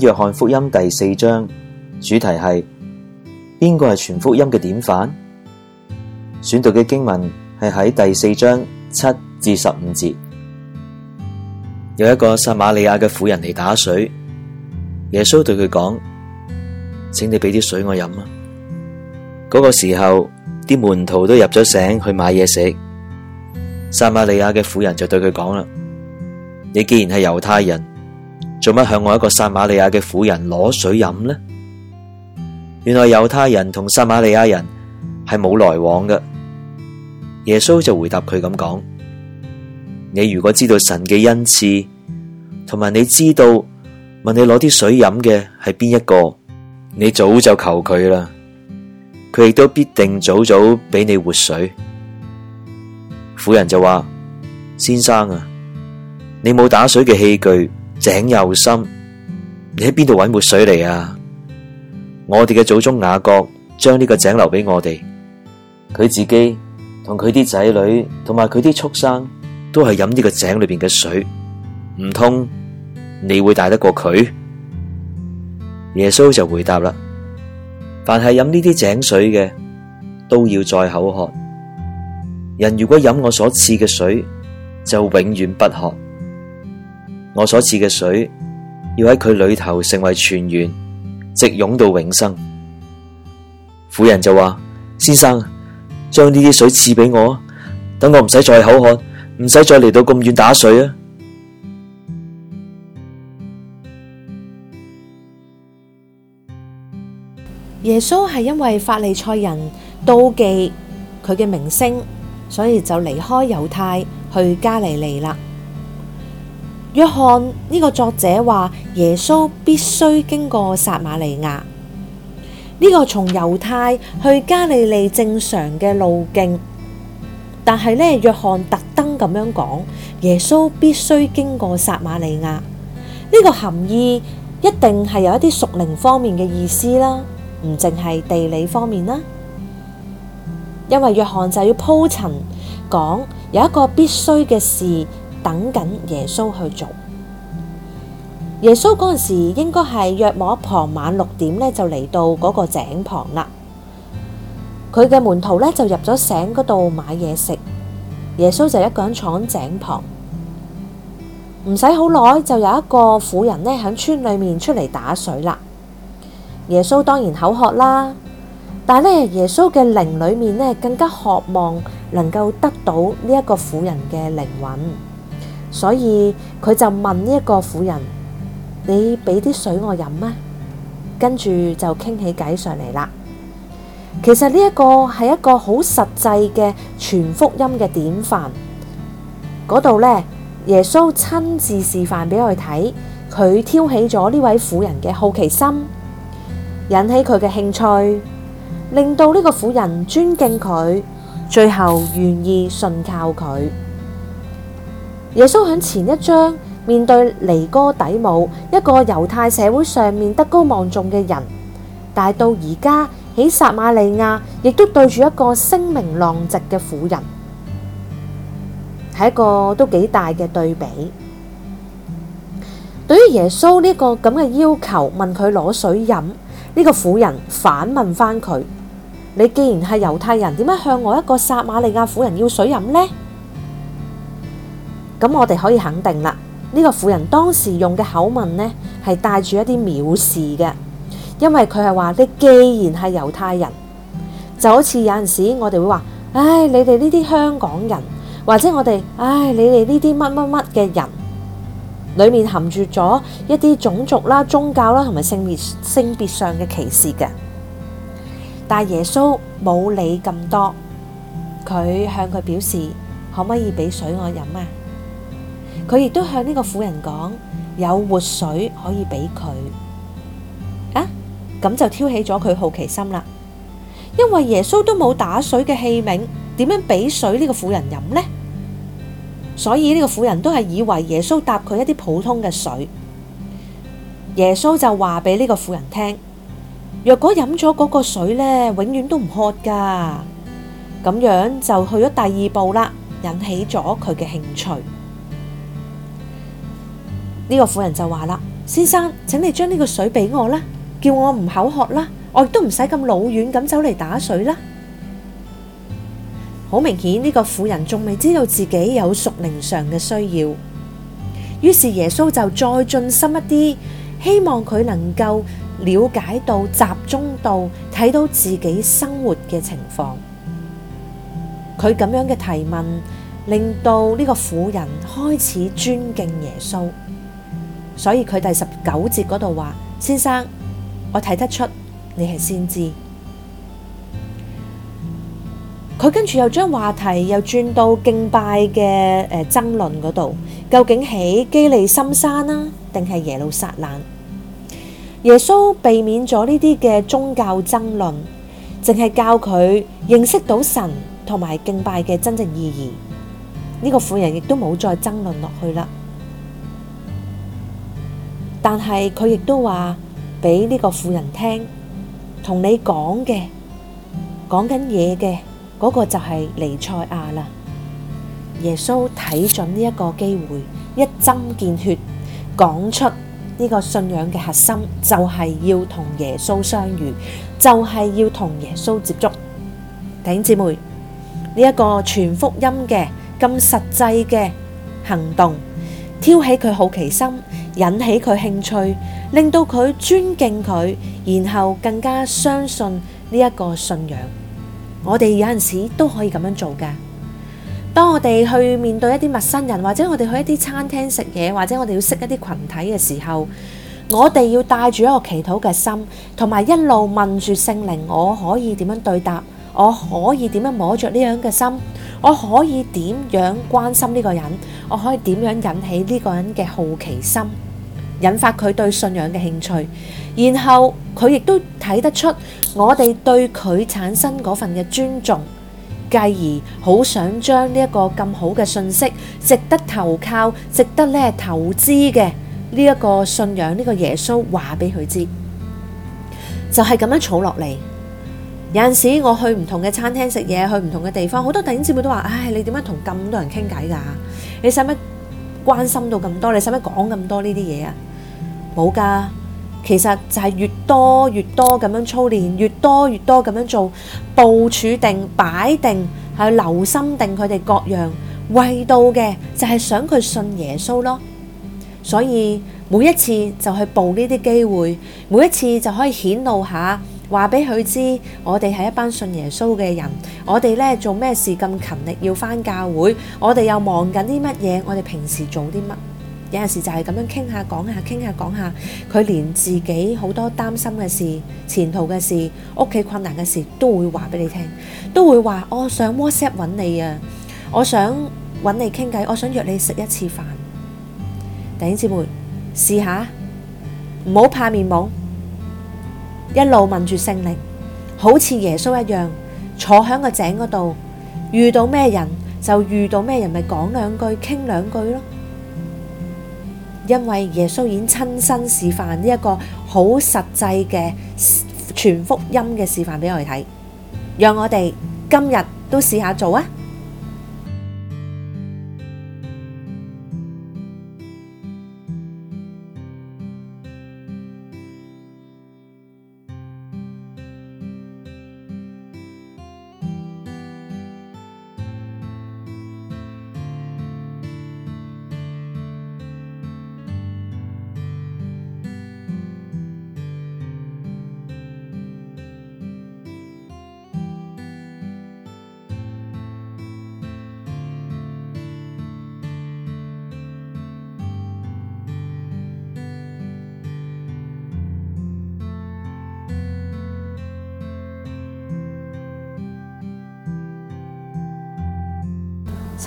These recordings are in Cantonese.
約翰福音第四章主題係邊個係傳福音嘅典範？選讀嘅經文係喺第四章七至十五節，有一個撒瑪利亞嘅婦人嚟打水，耶穌對佢講：請你俾啲水我飲啊！嗰、那個時候啲門徒都入咗城去買嘢食，撒瑪利亞嘅婦人就對佢講啦：你既然係猶太人，做乜向我一個撒瑪利亞嘅婦人攞水飲呢？原來猶太人同撒瑪利亞人係冇來往嘅。耶穌就回答佢咁講：你如果知道神嘅恩賜，同埋你知道問你攞啲水飲嘅係邊一個，你早就求佢啦，佢亦都必定早早俾你活水。婦人就話：先生啊，你冇打水嘅器具。井又深，你喺邊度搵活水嚟啊？我哋嘅祖宗雅各將呢個井留俾我哋，佢自己同佢啲仔女同埋佢啲畜生都係飲呢個井裏邊嘅水，唔通你會大得過佢？耶穌就回答啦：凡係飲呢啲井水嘅，都要再口渴；人如果飲我所賜嘅水，就永遠不渴。我所賜嘅水，要喺佢裏頭成為泉源，直湧到永生。婦人就話：先生，將呢啲水賜俾我，等我唔使再口渴，唔使再嚟到咁遠打水啊！耶穌係因為法利賽人妒忌佢嘅名聲，所以就離開猶太去加利利啦。約翰呢個作者話耶穌必須經過撒瑪利亞呢個，從猶太去加利利正常嘅路徑，但係呢，約翰特登咁樣講耶穌必須經過撒瑪利亞呢個含義一定係有一啲屬靈方面嘅意思啦，唔淨係地理方面啦，因為約翰就要鋪陳講有一個必須嘅事。等緊耶穌去做耶穌嗰陣時，應該係約摸傍晚六點呢，就嚟到嗰個井旁啦。佢嘅門徒呢，就入咗井嗰度買嘢食，耶穌就一個人坐喺井旁，唔使好耐就有一個婦人呢，響村裏面出嚟打水啦。耶穌當然口渴啦，但係呢，耶穌嘅靈裏面呢，更加渴望能夠得到呢一個婦人嘅靈魂。所以佢就問呢一個婦人：你俾啲水我飲咩？跟住就傾起偈上嚟啦。其實呢一個係一個好實際嘅傳福音嘅典範。嗰度呢，耶穌親自示範俾佢睇，佢挑起咗呢位婦人嘅好奇心，引起佢嘅興趣，令到呢個婦人尊敬佢，最後願意信靠佢。耶穌喺前一章面對尼哥底母，一個猶太社會上面德高望重嘅人，但係到而家喺撒瑪利亞，亦都對住一個聲名浪藉嘅婦人，係一個都幾大嘅對比。對於耶穌呢、這個咁嘅、這個、要求，問佢攞水飲，呢、這個婦人反問翻佢：「你既然係猶太人，點解向我一個撒瑪利亞婦人要水飲呢？咁我哋可以肯定啦，呢、這個婦人當時用嘅口吻呢，係帶住一啲藐視嘅，因為佢係話你既然係猶太人，就好似有陣時我哋會話，唉、哎，你哋呢啲香港人，或者我哋唉、哎，你哋呢啲乜乜乜嘅人，裏面含住咗一啲種族啦、宗教啦，同埋性別性別上嘅歧視嘅。但耶穌冇理咁多，佢向佢表示可唔可以俾水我飲啊？佢亦都向呢個婦人講有活水可以俾佢啊，咁就挑起咗佢好奇心啦。因為耶穌都冇打水嘅器皿，點樣俾水呢個婦人飲呢？所以呢個婦人都係以為耶穌搭佢一啲普通嘅水。耶穌就話俾呢個婦人聽：若果飲咗嗰個水呢，永遠都唔渴噶。咁樣就去咗第二步啦，引起咗佢嘅興趣。呢個婦人就話啦：先生，請你將呢個水俾我啦，叫我唔口渴啦，我亦都唔使咁老遠咁走嚟打水啦。好明顯，呢、這個婦人仲未知道自己有屬靈上嘅需要。於是耶穌就再進深一啲，希望佢能夠了解到、集中到睇到自己生活嘅情況。佢咁樣嘅提問，令到呢個婦人開始尊敬耶穌。所以佢第十九節嗰度話：先生，我睇得出你係先知。佢跟住又將話題又轉到敬拜嘅誒、呃、爭論嗰度，究竟喺基利心山呢、啊？定係耶路撒冷？耶穌避免咗呢啲嘅宗教爭論，淨係教佢認識到神同埋敬拜嘅真正意義。呢、這個婦人亦都冇再爭論落去啦。但係佢亦都話俾呢個婦人聽，同你講嘅講緊嘢嘅嗰個就係彌賽亞啦。耶穌睇準呢一個機會，一針見血講出呢個信仰嘅核心，就係要同耶穌相遇，就係要同耶穌接觸。弟兄姊妹，呢一個傳福音嘅咁實際嘅行動，挑起佢好奇心。引起佢興趣，令到佢尊敬佢，然後更加相信呢一個信仰。我哋有陣時都可以咁樣做嘅。當我哋去面對一啲陌生人，或者我哋去一啲餐廳食嘢，或者我哋要識一啲群體嘅時候，我哋要帶住一個祈禱嘅心，同埋一路問住聖靈：我可以點樣對答？我可以點樣摸着呢樣嘅心？我可以點樣關心呢個人？我可以點樣引起呢個人嘅好奇心？引發佢對信仰嘅興趣，然後佢亦都睇得出我哋對佢產生嗰份嘅尊重，繼而好想將呢一個咁好嘅信息，值得投靠、值得咧投資嘅呢一個信仰呢個耶穌話俾佢知，就係咁樣儲落嚟。有陣時我去唔同嘅餐廳食嘢，去唔同嘅地方，好多弟兄姊妹都話，唉，你點解，同咁多人傾偈噶？你使乜關心到咁多？你使乜講咁多呢啲嘢啊？冇噶，其實就係越多越多咁樣操練，越多越多咁樣做，部署定擺定，係留心定佢哋各樣，為到嘅就係、是、想佢信耶穌咯。所以每一次就去報呢啲機會，每一次就可以顯露下，話俾佢知我哋係一班信耶穌嘅人，我哋呢做咩事咁勤力要返教會，我哋又忙緊啲乜嘢，我哋平時做啲乜。有陣時就係咁樣傾下講下傾下講下，佢連自己好多擔心嘅事、前途嘅事、屋企困難嘅事都會話俾你聽，都會話我想 WhatsApp 揾你啊，我想揾你傾偈，我想約你食一次飯。弟兄姊妹，試下唔好怕面懵，一路問住聖靈，好似耶穌一樣坐喺個井嗰度，遇到咩人就遇到咩人，咪講兩句傾兩句咯。因為耶穌已經親身示範呢一個好實際嘅全福音嘅示範俾我哋睇，讓我哋今日都試下做啊！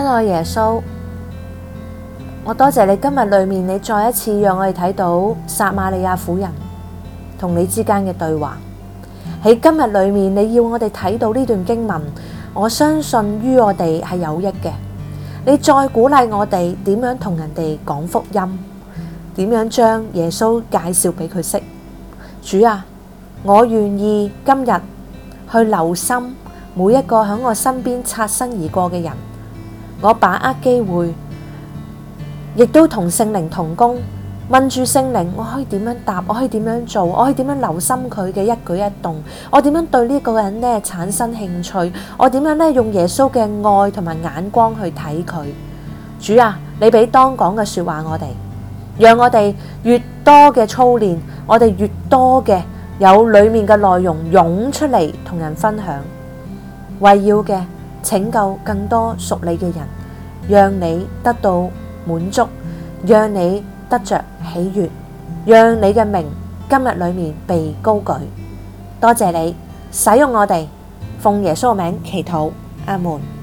親愛的耶穌，我多謝你今日裏面，你再一次讓我哋睇到撒瑪利亞婦人同你之間嘅對話。喺今日裏面，你要我哋睇到呢段經文，我相信於我哋係有益嘅。你再鼓勵我哋點樣同人哋講福音，點樣將耶穌介紹俾佢識。主啊，我願意今日去留心每一個喺我身邊擦身而過嘅人。我把握機會，亦都同聖靈同工，問住聖靈，我可以點樣答？我可以點樣做？我可以點樣留心佢嘅一舉一動？我點樣對呢個人呢產生興趣？我點樣呢用耶穌嘅愛同埋眼光去睇佢？主啊，你俾當講嘅說話我哋，讓我哋越多嘅操練，我哋越多嘅有裏面嘅內容湧出嚟同人分享，圍繞嘅。拯救更多屬你嘅人，讓你得到滿足，讓你得着喜悅，讓你嘅名今日裏面被高舉。多謝你，使用我哋奉耶穌的名，祈禱，阿門。